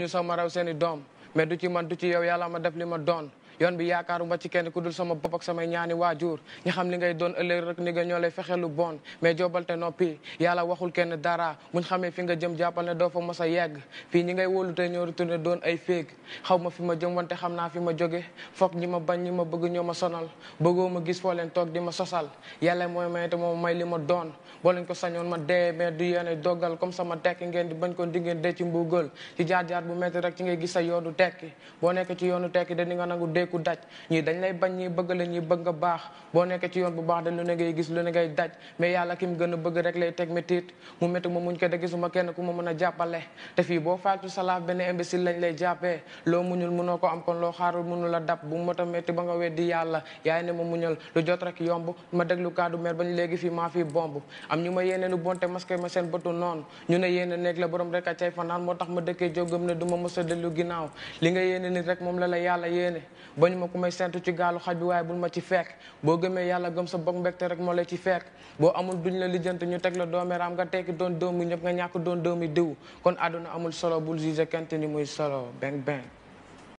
ñu sax ma raw doom mais du ci man du ci yow yàlla ma def li ma doon yoon bi yaakaaruma ci kenn ku dul sama bopp ak samay ñaani waajur ñi xam li ngay doon ëllëg rek ni nga ñoo lay fexe lu bon mais jobal te noppi yàlla waxul kenn dara muñ xamee fi nga jëm jàppal ne doo fa mos a yegg fii ñi ngay wóolu te ñoo retourné doon ay féeg xaw ma fi ma jëm wante xam naa fi ma jóge foog ñi ma bañ ñi ma bëgg ñoo ma sonal bëggoo ma gis foo leen toog di ma sosal yàlla mooy may te moo may li ma doon boo leen ko sañoon ma dee mais du yéene dogal comme sama tekki ngeen di bañ ko di ngeen dee ci mbugal jaar-jaar bu metti rek ngay gis sa yoonu tekki boo nekk yoonu tekki da ku daj ñii dañ lay bañ ñii bëgg la ñii bëgg nga baax boo nekkee ci yoon bu baax dañ lu ne ngay gis lu ne ngay daj mais yàlla ki mu gën a bëgg rek lay teg métit mu métti ma kenn ku ma mën a jàppale te boo faatu salaaf benn imbécile lañ lay jàppee loo muñul mënoo ko am kon loo xaarul mënu la dab bu mot a métti ba nga weddi yàlla yaay ne ma muñal lu jot rek yomb ma déglu kaddu mer bañ léegi fii maa fii bomb am ñu ma yéene lu bonte masqué ma seen bëtu noonu ñu ne yéene nekk la borom rek a cay fanaan moo tax ma dëkkee jógam ne du ma mos a dellu ginnaaw li nga yéene nit rek moom la la yàlla yéene ba ñu ma ko may sentu ci gaalu xaj bi waaye bul ma ci fekk boo gëmee yàlla gëm sa bokk mbégte rek moo la ci fekk boo amul duñ la lijjanti ñu teg la doomeeraam nga tekki doon doomi ñëpp nga ñàkk doon mi diw kon àdduna amul solo bul jugé kente ni muy solo beng beng